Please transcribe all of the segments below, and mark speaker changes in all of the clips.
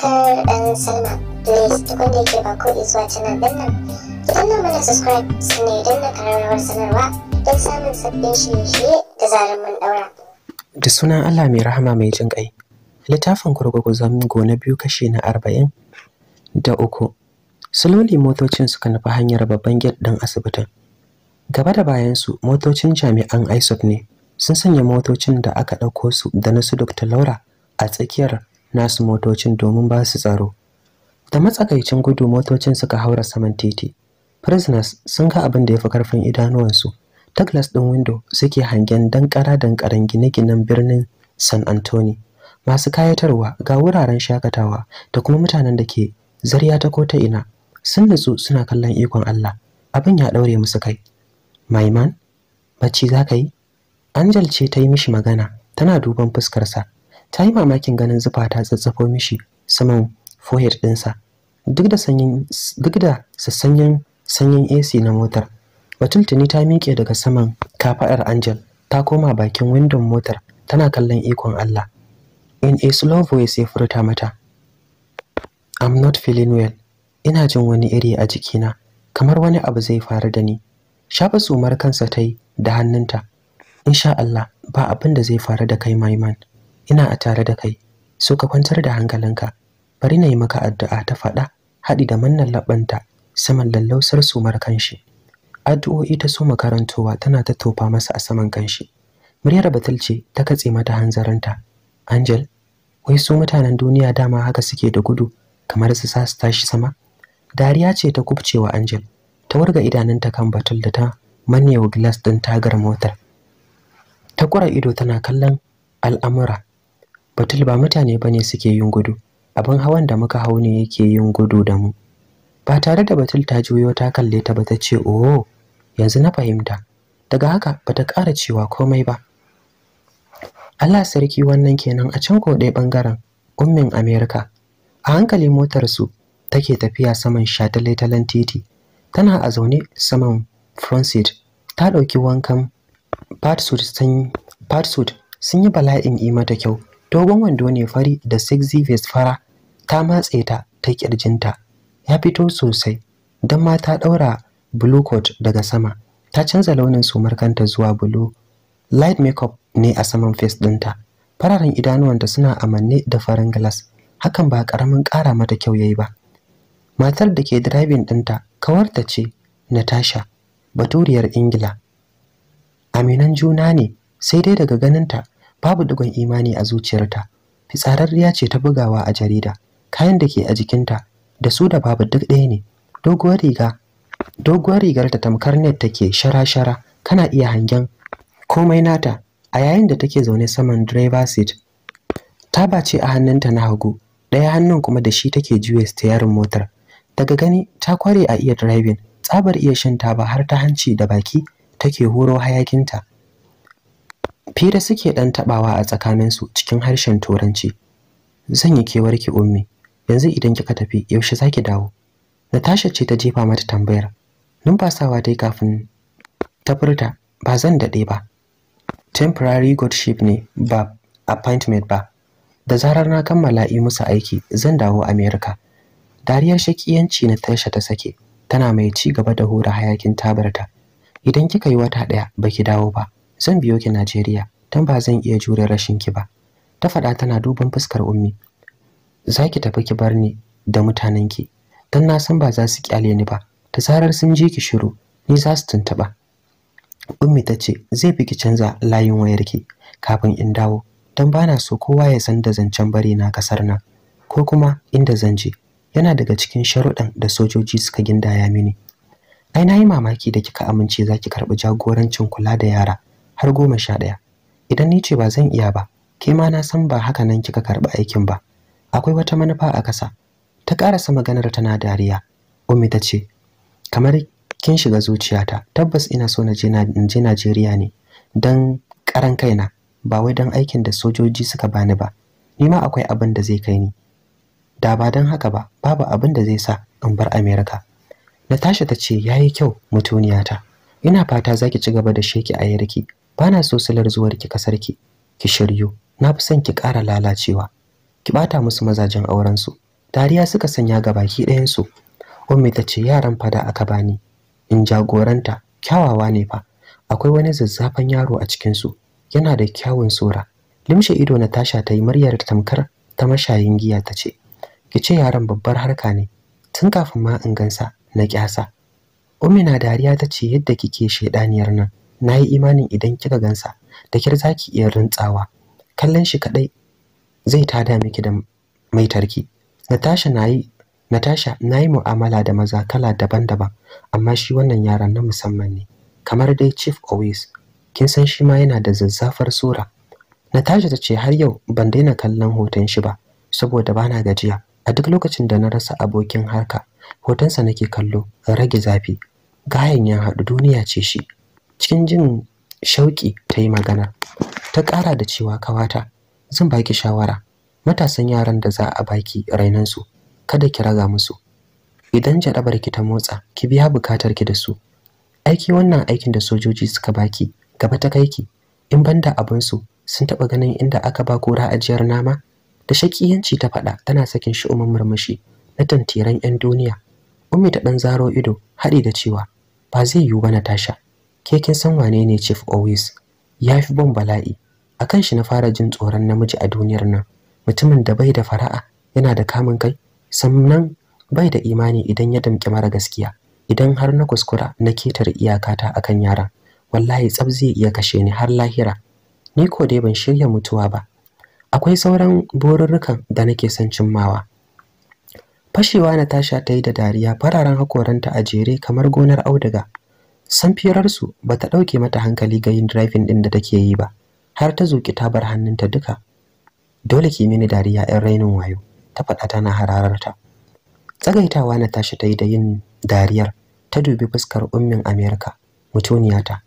Speaker 1: subscribe and sign up. Please tukun da yake ba ko zuwa canal din nan. Ki danna mana subscribe sannan idan na kararrawar sanarwa don samun sabbin shirye-shirye da zarar mun daura. Da sunan Allah mai rahama mai jin ƙai. Littafin gurgurzon gona biyu kashi na arba'in da uku. Slowly motocin suka nufi hanyar babban gate ɗin asibitin. Gaba da bayansu motocin jami'an ISOP ne sun sanya motocin da aka ɗauko su da na su Dr. Laura a tsakiyar nasu motocin domin ba su tsaro da matsakaicin gudu motocin suka haura saman titi prisoners sun ga abin da ya fi karfin idanuwansu ta glass ɗin window suke hangen dankara dankaran gine-ginen birnin san antonio masu kayatarwa ga wuraren shakatawa da kuma mutanen da ke zariya ta ko ta ina sun nutsu suna kallon ikon Allah abin ya ɗaure musu kai Maiman bacci za ka yi Angel ce ta yi mishi magana tana duban fuskarsa ta yi mamakin ganin zufa ta tsatsafo mishi saman forehead ɗinsa duk da sanyin sanyin AC na motar batun tuni ta miƙe daga saman kafaɗar Angel ta koma bakin windon motar tana kallon ikon Allah in a slow voice ya furta mata I'm not feeling well ina jin wani iri a jikina kamar wani abu zai faru da ni shafa sumar kansa ta yi da hannunta insha Allah ba abin da zai faru da kai Maiman ina a tare da kai so ka kwantar da hankalinka bari na yi maka addu'a ta faɗa haɗi da mannan laɓanta saman lallausar sumar kanshi addu'o'i ta so makarantowa tana ta tofa masa a saman kanshi muryar batul ce ta katse mata hanzarinta angel wai su mutanen duniya dama haka suke da gudu kamar su sa su tashi sama dariya ce ta kubcewa angel ta wurga idanunta kan batul da ta manewa gilas ɗin tagar motar ta kura ido tana kallon al'amura batul ba mutane ba ne suke yin gudu abin hawan da muka hau ne yake yin gudu da mu ba tare da batul ta juyo ta kalle ta ba ta ce oh yanzu na fahimta daga haka ba ta ƙara cewa komai ba Allah sarki wannan kenan a can ko ɗaya ɓangaren ummin Amerika a hankali motarsu su take tafiya saman shataletalen titi tana a zaune saman front ta ɗauki wankan patsuit sun yi bala'in yi mata kyau dogon wando ne fari da sexy vest fara ta matse ta ta kirjinta ya fito sosai don ma ta daura blue coat daga sama ta canza launin sumarkanta zuwa blue light makeup ne a saman face dinta fararen idanuwanta suna amanne da farin glass hakan ba karamin ƙara mata kyau yayi ba matar da ke driving dinta ta ce Natasha baturiyar Ingila aminan juna ne sai dai daga ganinta babu digon imani a zuciyarta fitsararriya ce ta bugawa a jarida kayan da ke a jikinta da su da babu duk ɗaya ne doguwar riga doguwar rigar ta tamkar net take shara-shara kana iya hangen komai nata a yayin da take zaune saman driver seat Ta bace a hannunta na hagu ɗaya hannun kuma da shi take juya steering motar daga gani ta kware a iya driving tsabar iya shan taba har ta hanci da baki take horo hayakinta fira suke ɗan taɓawa a tsakaninsu cikin harshen turanci zan yi kewar ki ummi yanzu idan kika tafi yaushe zaki dawo natasha ce ta jefa mata tambayar numfasawa dai kafin ta furta ba zan daɗe ba temporary godship ne ba appointment ba da zarar na kammala yi musu aiki zan dawo america dariyar shakiyanci na tasha ta sake tana mai ci gaba da hura hayakin tabarta idan kika yi wata daya baki dawo ba zan biyo ki Najeriya don ba zan iya jure rashin ki ba ta faɗa tana duban fuskar ummi za ki tafi ki bar ni da mutanen ki don na san ba za su kyale ni ba ta zarar sun je ki shiru ni za su tuntuɓa ummi ta ce zai fi ki canza layin wayarki kafin in dawo don bana so kowa ya san da zancen bari na kasar nan ko kuma inda zan je yana daga cikin sharuɗan da sojoji suka gindaya mini ai na yi mamaki da kika amince za ki karɓi jagorancin kula da yara har goma sha ɗaya idan ni ce ba zan iya ba ke ma na san ba haka nan kika karɓi aikin ba akwai wata manufa a ƙasa ta ƙarasa maganar tana dariya ummi ta ce kamar kin shiga zuciyata tabbas ina so na je Najeriya ne don ƙaran kaina ba wai don aikin da sojoji suka bani ba ni ma akwai abin da zai kai ni da ba don haka ba babu abin da zai sa in bar Amerika Natasha ta ce ya yi kyau mutuniyata ina fata zaki ci gaba da sheki a yarki bana so silar zuwarki kasarki ki shiryo na fi son ki ƙara lalacewa ki bata musu mazajen auren su dariya suka sanya ga baki ɗayan su ummi ta ce yaran fada aka bani in jagoranta kyawawa ne fa akwai wani zazzafan yaro a cikin su yana da kyawun sura limshe ido na tasha ta yi muryar tamkar ta mashayin giya ta ce ki ce yaran babbar harka ne tun kafin ma in gansa na kyasa ummi na dariya ta ce yadda kike shaidaniyar nan na yi imanin idan kika gansa da kyar za ki iya rintsawa kallon shi kaɗai zai tada miki da mai tarki natasha na yi na yi mu'amala da maza kala daban-daban amma shi wannan yaran na musamman ne kamar dai chief always kin san shi ma yana da zazzafar sura natasha ta ce har yau ban daina kallon hoton shi ba saboda bana gajiya a duk lokacin da na rasa abokin harka hotonsa nake kallo rage zafi gayan ya haɗu duniya ce shi cikin jin shauƙi ta yi magana ta ƙara da cewa kawata zan baki shawara matasan yaran da za a baki su, kada ki raga musu idan jarabar ki ta motsa ki biya bukatar ki da su aiki wannan aikin da sojoji suka baki gaba ta kai ki in banda da su sun taɓa ganin inda aka ba kura ajiyar nama da shakiyanci ta faɗa tana sakin shi umman murmushi na tantiran yan duniya ummi ta ɗan zaro ido haɗi da cewa ba zai yiwu ba na tasha ke kin san wane ne chief always ya fi bon bala'i a kan shi na fara jin tsoron namiji a duniyar nan mutumin da bai da fara'a yana da kamun kai sannan bai da imani idan ya damƙi mara gaskiya idan har na kuskura na ketar iyakata akan yaran wallahi tsab zai iya kashe ni har lahira ni ko dai ban shirya mutuwa ba akwai sauran borurrukan da nake son cimmawa fashewa na tasha ta yi da dariya fararen hakoranta a jere kamar gonar auduga san su ba ta ɗauke mata hankali ga yin driving ɗin da take yi ba har ta zuƙi ta bar hannunta duka dole ki mini dariya 'yan rainin wayo ta faɗa tana hararta tsagaitawa na tashi ta yi da yin dariyar ta dubi fuskar ummin amerika mutuniyata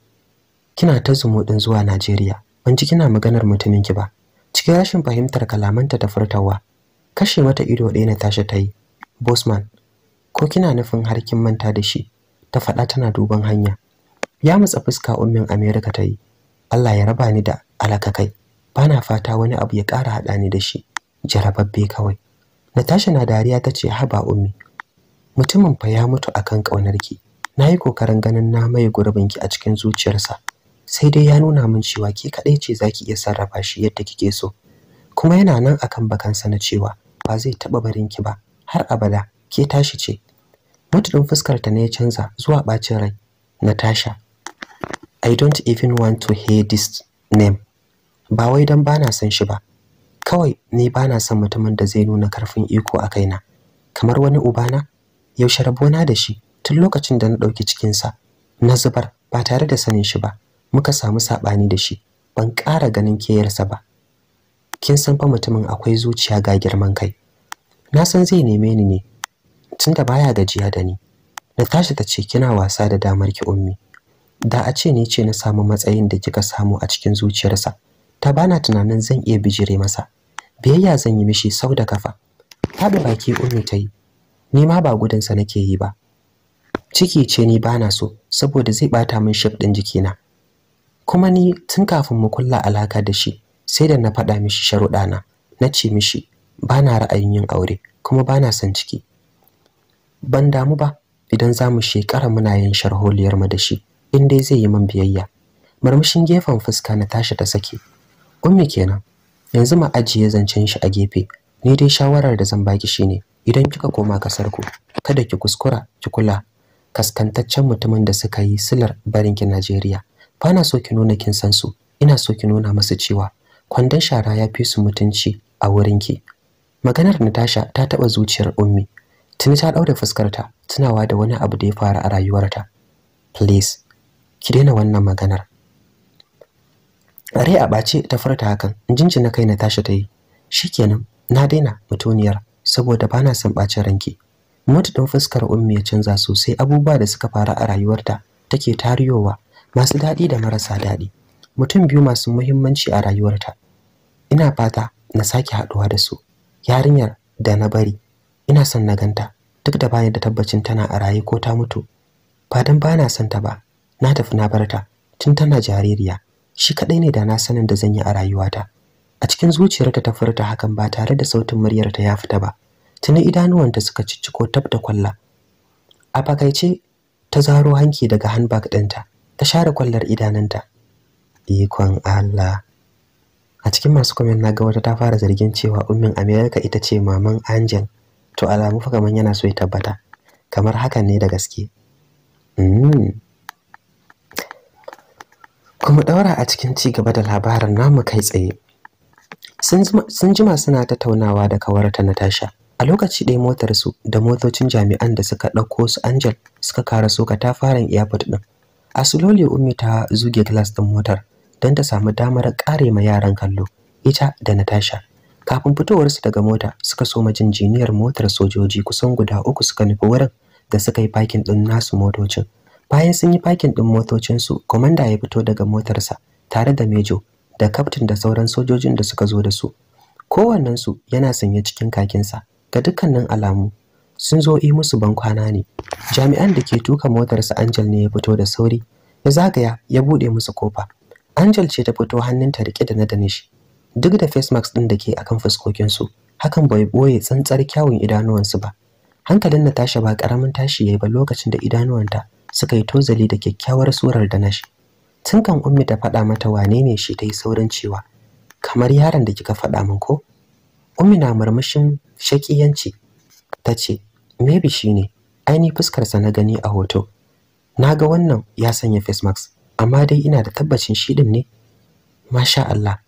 Speaker 1: kina ta zumo ɗin zuwa najeriya ban ji kina maganar mutuminki ba cikin rashin fahimtar kalamanta ta furtawa kashe mata ido ɗaya na tashi ta yi bosman ko kina nufin har kin manta da shi ta faɗa tana duban hanya ya matsa fuska ummin america ta yi allah ya raba ni da alakakai bana fata wani abu ya ƙara haɗa ni da shi jarababbe kawai natasha na dariya ta ce haba ummi mutumin fa ya mutu akan ƙaunarki na yi ƙoƙarin ganin na maye gurbin ki a cikin zuciyarsa sai dai ya nuna min cewa ke kaɗai ce za ki iya sarrafa shi yadda kike so kuma yana nan akan bakansa na cewa ba zai taɓa barinki ba har abada ke tashi ce matuɗin fuskar ta ne ya canza zuwa ɓacin rai natasha i don't even want to hear this name ba wai don bana son shi ba kawai ni bana son mutumin da zai nuna karfin iko a kaina kamar wani ubana yaushe rabona da shi tun lokacin da na ɗauki cikinsa na zubar ba tare da sanin shi ba muka samu saɓani da shi ban ƙara ganin keyarsa ba kin san fa mutumin akwai zuciya ga girman kai na san zai neme ni ne tunda baya gajiya da ni Natasha ta ce kina wasa da damar ki ummi da a ce ni ce na samu matsayin da kika samu a cikin zuciyarsa ta bana tunanin zan iya bijire masa biyayya zan yi mishi sau da kafa ta da baki ummi ta yi ni ma ba gudunsa nake yi ba ciki ce ni bana so saboda zai bata min shif din jikina kuma ni tun kafin mu kulla alaka da shi sai da na faɗa mishi na. na ce mishi bana ra'ayin yin aure kuma bana son ciki ban damu ba idan za mu shekara muna yin sharholiyar mu da shi in dai zai yi min biyayya marmashin gefen fuska na tashi ta sake ummi kenan yanzu ma ajiye zancen shi a gefe ni dai shawarar da zan baki shine idan kika koma kasar ku kada ki kuskura ki kula kaskantaccen mutumin da suka yi silar barin ki Najeriya fa na so ki nuna kin san su ina so ki nuna musu cewa kwandon shara ya fi su mutunci a wurin ki maganar Natasha ta taba zuciyar ummi tuni ta fuskar fuskarta tunawa da wani abu da ya faru a rayuwarta please ki daina wannan maganar rai a ɓace ta furta hakan jinjina kai na tashi ta yi shikenan na daina mutuniyar saboda bana son ɓacin ranki mutu ɗin fuskar ummi ya canza sosai abubuwa da suka faru a rayuwarta take tariyowa masu daɗi da marasa daɗi mutum biyu masu muhimmanci a rayuwarta ina fata na sake haɗuwa da su yarinyar da na bari ina son na ganta duk da bani da tabbacin tana a raye ko ta mutu ba bana son ta ba na tafi na barta tun tana jaririya shi kaɗai ne da na sanin da zan yi a rayuwata a cikin zuciyarta ta furta hakan ba tare da sautin muryar ta ya fita ba tuni idanuwanta suka cicciko tab da kwalla a fakaice ta zaro hanki daga handbag ɗinta ta share kwallar idananta ikon Allah a cikin masu comment na ga wata ta fara zargin cewa ummin America ita ce maman Angel to alamu fa kamar yana so ya tabbata kamar hakan ne da gaske hmm. kuma daura a cikin ci gaba da labarin namu kai tsaye sun jima suna tattaunawa da kawarta Natasha a lokaci ɗaya motarsu da motocin jami'an da suka ɗauko su Angel suka kara su ka fara airport din a sulole ummi ta zuge glass ɗin motar don ta samu damar kare ma yaran kallo ita da Natasha kafin fitowarsu daga mota suka soma jin jiniyar motar sojoji kusan guda uku suka nufi wurin da suka yi pakin ɗin nasu motocin bayan sun yi pakin ɗin su komanda ya fito daga motarsa tare da mejo da kaftin da sauran sojojin da suka zo da su kowannen su yana sanye cikin kakinsa ga dukkanin alamu sun zo yi musu bankwana ne jami'an da ke tuka motarsa angel ne ya fito da sauri ya zagaya ya bude musu kofa angel ce ta fito hannunta riƙe da na danishi duk da face mask din da ke akan su hakan bai ɓoye tsantsar kyawun idanuwansu ba hankalin Natasha ba karamin tashi yayi ba lokacin da idanuwanta suka yi tozali da kyakkyawar surar da nashi tun kan ummi ta faɗa mata wane ne shi ta yi saurin cewa kamar yaron da kika faɗa min ko ummi na murmushin shakiyanci ta ce maybe shi ne aini fuskarsa na gani a hoto na ga wannan ya sanya face mask amma dai ina da tabbacin shi din ne masha Allah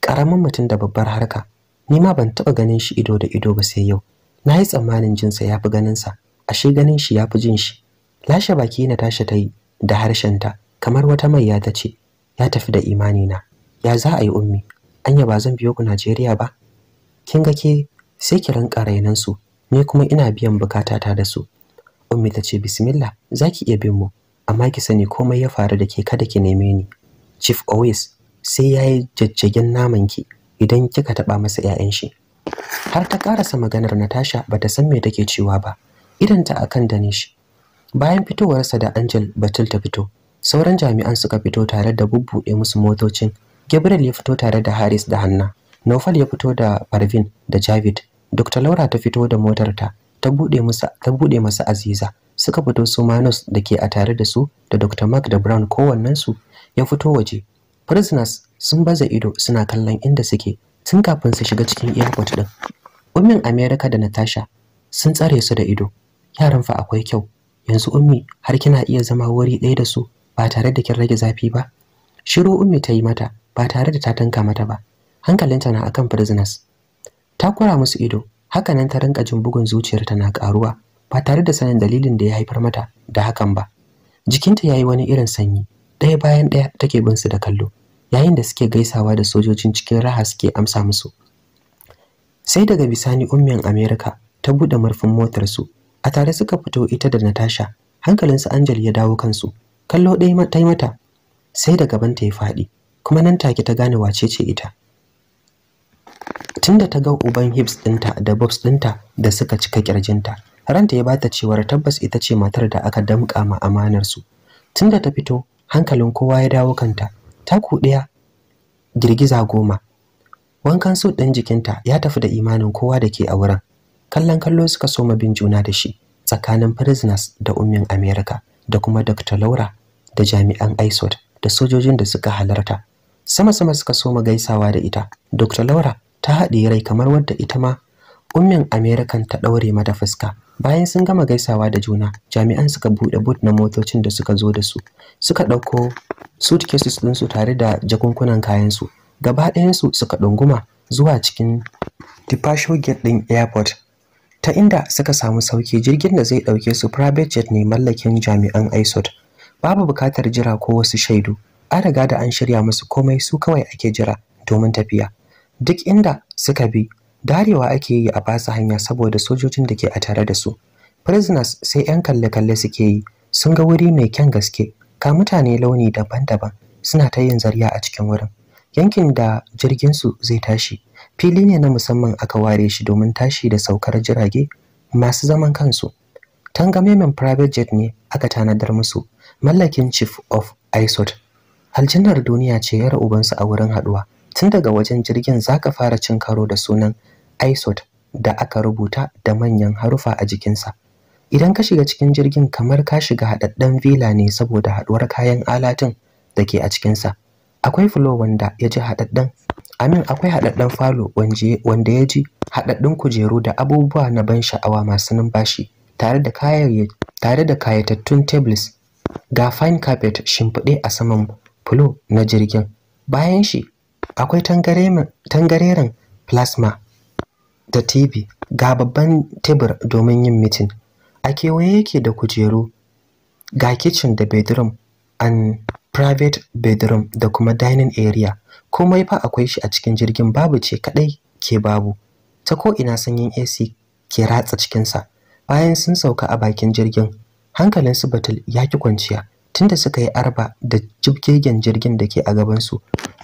Speaker 1: karamin mutum da babbar harka ni ma ban taɓa ganin shi ido da ido ba sai yau na yi tsammanin jinsa ya fi ganinsa ashe ganin shi ya fi jin shi lashe baki na tashi ta yi da harshen ta, kamar wata ya ta ce ya tafi da imani na ya za a yi ummi anya ba zan biyo ku Najeriya ba kin ga ke sai ki ranka rainan su ni kuma ina biyan bukatata da su ummi ta ce bismillah zaki iya bin mu amma ki sani komai ya faru da ke kada ki neme ni chief always sai ya yi jajjagen naman ki idan kika taɓa masa 'ya'yan shi har ta ƙarasa maganar Natasha bata san me take cewa ba idanta akan Danish bayan fitowarsa da Angel Batul ta fito sauran jami'an suka fito tare da bubbuɗe musu motocin Gabriel ya fito tare da Haris da Hanna Nofal ya fito da Parvin da Javid Dr. Laura ta fito da motarta ta buɗe masa ta buɗe masa Aziza suka fito su Manus da ke a tare da su da Dr. Mark da Brown kowannensu ya fito waje prisoners sun baza ido suna kallon inda suke tun kafin su shiga cikin airport din ummin america da natasha sun tsare su da ido yaran fa akwai kyau yanzu ummi har kina iya zama wuri ɗaya da su ba tare da kin rage zafi ba shiru ummi ta yi mata ba tare da ta tanka mata ba hankalinta na akan prisoners ta kura musu ido haka nan ta rinka jin bugun zuciyar ta na karuwa ba tare da sanin dalilin da ya haifar mata da hakan ba jikinta yayi wani irin sanyi ɗaya bayan ɗaya take bin su da kallo yayin da suke gaisawa da sojojin cikin raha suke amsa musu sai daga bisani ummiyan Amerika ta buɗe murfin motar su a tare suka fito ita da Natasha su Angel ya dawo kansu kallo ɗaya ta mata sai da gaban ta ya faɗi kuma nan take ta gane wace ce ita tunda ta ga uban hips ɗinta da bobs ɗinta da suka cika kirjinta ranta ya bata cewar tabbas ita ce matar da aka damƙa ma amanar su tunda ta fito hankalin kowa ya dawo kanta taku ɗaya girgiza goma wankan su ɗin jikinta ya tafi da imanin kowa da ke a wurin kallon kallo suka soma bin juna da shi tsakanin prisoners da ummin america da kuma dr laura da jami'an isod da sojojin da suka halarta sama-sama suka soma gaisawa da ita dr laura ta haɗe rai kamar wadda ita ma ummin american ta ɗaure mata fuska Bayan sun gama gaisawa da juna, jami'an suka buɗe boot na motocin da suka zo da su. Suka ɗauko suitcases su tare da jakunkunan kayansu. Gaba ɗayansu suka ɗunguma zuwa cikin departure gate ɗin airport. Ta inda suka samu sauki jirgin da zai ɗauke su private jet ne mallakin jami'an ISOT. Babu bukatar jira ko wasu shaidu. An riga da an shirya musu komai su kawai ake jira domin tafiya. Duk inda suka bi darewa ake yi a basu hanya saboda sojojin da ke a tare da su prisoners sai 'yan kalle-kalle suke yi sun ga wuri mai kyan gaske ka mutane launi daban-daban suna ta yin zariya a cikin wurin yankin da jirginsu zai tashi fili ne na musamman aka ware shi domin tashi da saukar jirage masu zaman kansu tangamemen private jet ne aka tanadar musu mallakin chief of isot aljannar duniya ce yar ubansu a wurin haduwa tun daga wajen jirgin zaka fara cin karo da sunan isot da aka rubuta da manyan harufa a jikinsa idan ka shiga cikin jirgin kamar ka shiga haɗaɗɗen villa ne saboda haɗuwar kayan alatin da ke a cikinsa akwai filo wanda ya ji haɗaɗɗen amin akwai haɗaɗɗen falo wanda ya ji Haɗaɗɗen kujeru da abubuwa na ban sha'awa masu numfashi tare da kayatattun tables ga fine carpet shimfiɗe a saman filo na jirgin bayan shi akwai tangareren plasma da TV ga babban tebur domin yin mitin. A kewaye yake da kujeru ga kitchen da bedroom and private bedroom da kuma dining area. Komai fa akwai shi a cikin jirgin babu ce kadai ke babu. Ta ko ina sanyin AC ke ratsa cikinsa. Bayan sun sauka a bakin jirgin, hankalin su batul ya ki kwanciya. tunda suka yi arba da jibgegen jirgin da ke a gabansu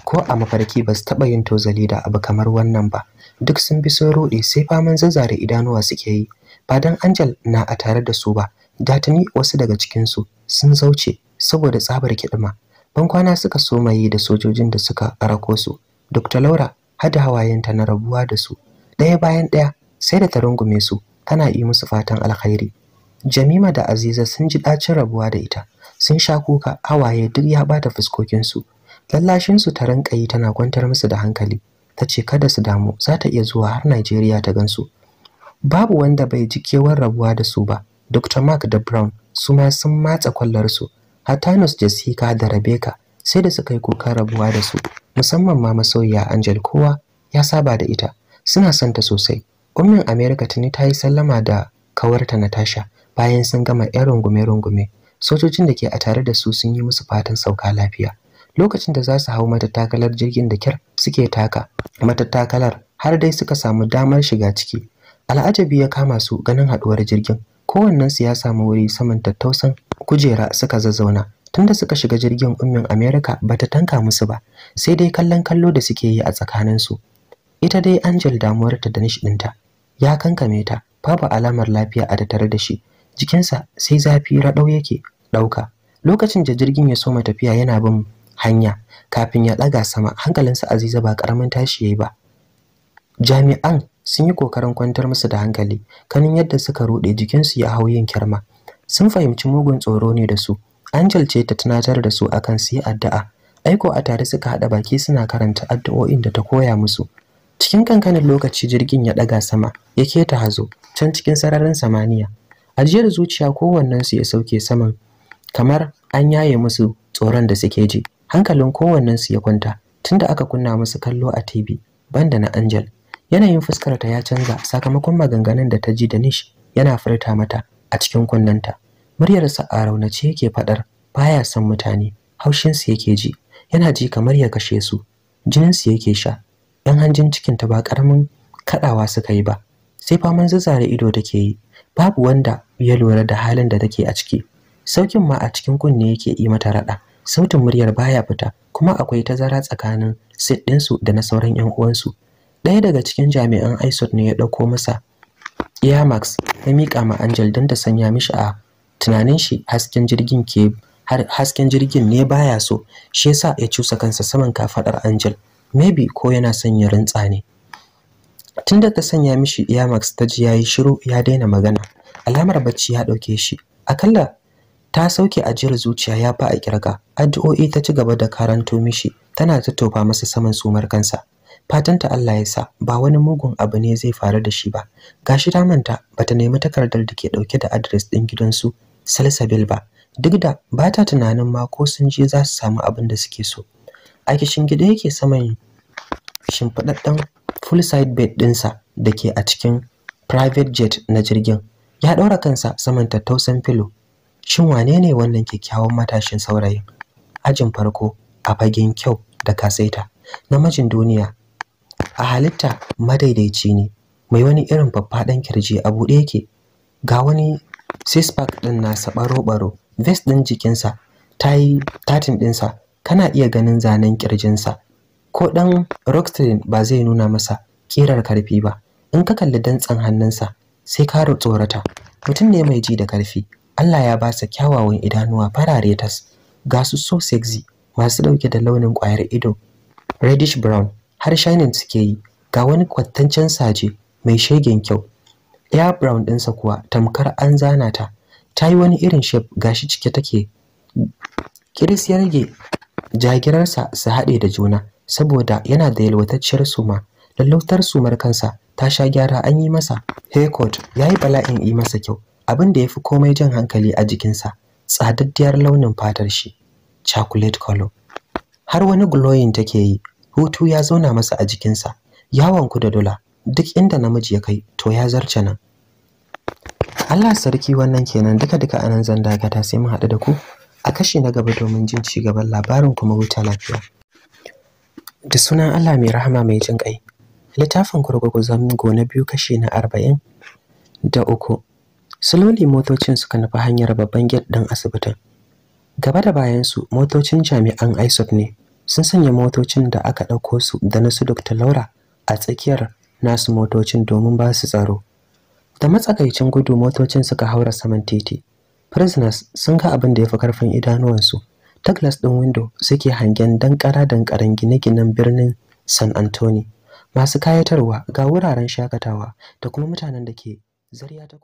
Speaker 1: ko a mafarki ba su taɓa yin tozali da abu kamar wannan ba duk sun bi sun ruɗe sai faman zazzare idanuwa suke yi ba dan angel na a tare da su ba da tuni wasu daga cikinsu sun zauce saboda tsabar kiɗima Ban kwana suka soma yi da sojojin da suka rako su dr laura hada hawayenta na rabuwa da su ɗaya bayan ɗaya sai da ta rungume su tana yi musu fatan alkhairi jamima da aziza sun ji ɗacin rabuwa da ita sun sha kuka hawaye duk ya bata fuskokinsu lallashinsu ta rinka yi tana kwantar musu da hankali ta ce kada su damu za ta iya zuwa har Najeriya ta gansu babu wanda bai ji kewar rabuwa da su ba Dr. Mark da Brown su ma sun matsa kwallarsu su Hatanus Jessica da Rebecca sai da suka yi kukan rabuwa da su musamman ma masoyiya Angel kowa ya saba da ita suna son ta sosai ummin America tuni ta yi sallama da kawarta Natasha bayan sun gama 'yan rungume-rungume sojojin da ke a tare da su sun yi musu fatan sauka lafiya lokacin da za su hau matattakalar jirgin da kyar suke taka matattakalar har dai suka samu damar shiga ciki al'ajabi ya kama su ganin haɗuwar jirgin kowannensu ya samu wuri saman tattausan kujera suka zazzauna tunda suka shiga jirgin ummin America ta tanka musu ba sai dai kallon kallo da suke yi a tsakanin su ita dai Angel damuwarta da nishi ɗinta ya kankame ta babu alamar lafiya a da tare da shi jikinsa sai zafi raɗau yake ɗauka lokacin da jirgin ya soma tafiya yana bin hanya kafin ya ɗaga sama hankalinsa aziza ba ƙaramin tashi ya yi ba jami'an sun yi kokarin kwantar musu da hankali kanin yadda suka ruɗe jikinsu ya hau yin kirma sun fahimci mugun tsoro ne da su angel ce ta tunatar da su akan su yi addu'a aiko a tare suka haɗa baki suna karanta addu'o'in da ta koya musu cikin kankanin lokaci jirgin ya ɗaga sama ya keta hazo can cikin sararin samaniya ajiyar zuciya su ya sauke saman kamar an yaye musu tsoron da suke ji hankalin su ya kwanta tunda aka kunna musu kallo a tv banda na angel yanayin fuskar ta ya canza sakamakon maganganun da ta ji da nish yana furta mata a cikin kunnanta muryarsa a raunace yake fadar baya son mutane haushinsu yake ji yana ji kamar ya kashe su jininsu yake sha yan hanjin cikin ta ba karamin kadawa suka yi ba sai faman zazzare ido take yi babu wanda ya lura da halin da take a ciki saukin ma a cikin kunne yake yi mata raɗa sautin muryar baya fita kuma akwai tazara tsakanin sit ɗinsu da na sauran 'yan uwansu Daya daga cikin jami'an isot ne ya dauko masa Max ya miƙa ma angel don ta sanya mishi a tunanin shi hasken jirgin ke har hasken jirgin ne baya so shi yasa ya cusa kansa saman kafaɗar angel maybe ko yana son ya rintsa ne tunda ta sanya mishi iyamax ta ji yayi shiru ya daina magana alamar bacci ya dauke shi akalla ta sauke ajiyar zuciya ya fa a kirga addu'o'i ta ci gaba da karanto mishi tana tofa masa saman sumar kansa ta Allah ya sa ba wani mugun abu ne zai faru da shi ba gashi ta manta bata nemi takardar da ke dauke da address din gidansu Salsabil ba duk da ba ta tunanin ma ko sun je za su samu abin da suke so a kishin gida yake saman shimfiɗaɗɗen full side bed ɗinsa da ke a cikin private jet na jirgin ya ɗaura kansa saman tattausan filo shin wane ne wannan kyakkyawan matashin saurayin ajin farko a fagen kyau da kasaita majin duniya a halitta madaidaici ne mai wani irin faffaɗan kirji a buɗe yake ga wani six pack ɗin nasa ɓaro-ɓaro vest ɗin jikinsa ta yi tatin ɗinsa kana iya ganin zanen kirjinsa ko ɗan rockstein ba zai nuna masa ƙirar karfi ba in ka kalli dantsan hannunsa sai ka tsorata mutum ne mai ji da karfi Allah ya ba sa kyawawan idanuwa farare tas ga su so sexy masu ɗauke da launin ƙwayar ido reddish brown har shining suke yi ga wani kwattancen saje mai shegen kyau ya brown ɗinsa kuwa tamkar an zana ta ta yi wani irin shape gashi cike take kiris yarge jagirarsa su haɗe da juna saboda yana da yalwatacciyar suma lallautar sumar kansa ta sha gyara an yi masa haircut ya yi bala'in yi masa kyau abin da ya fi komai jan hankali a jikinsa tsadaddiyar launin fatar shi chocolate color har wani glowing take yi hutu ya zauna masa a jikinsa yawon ku da dula, duk inda namiji ya kai to ya zarce nan Allah sarki wannan kenan duka duka anan zan dakata sai mu haɗu da ku a kashi na gaba domin jin ci gaban labarin kuma wuta lafiya da sunan Allah mai rahama mai jin ƙai littafin gurgurzon na biyu kashi na arba'in da uku Suloli motocin suka nufi hanyar babban gate ɗin asibitin gaba da bayansu motocin jami'an isop ne sun sanya motocin da aka ɗauko su da na su dr laura a tsakiyar nasu motocin domin ba su tsaro da matsakaicin gudu motocin suka haura saman titi prisoners sun ga abin da ya fi karfin idanuwansu ta ɗin window suke hangen dankara dankaran gine-ginen birnin san antonio masu kayatarwa ga wuraren shakatawa da kuma mutanen da ke zariya ta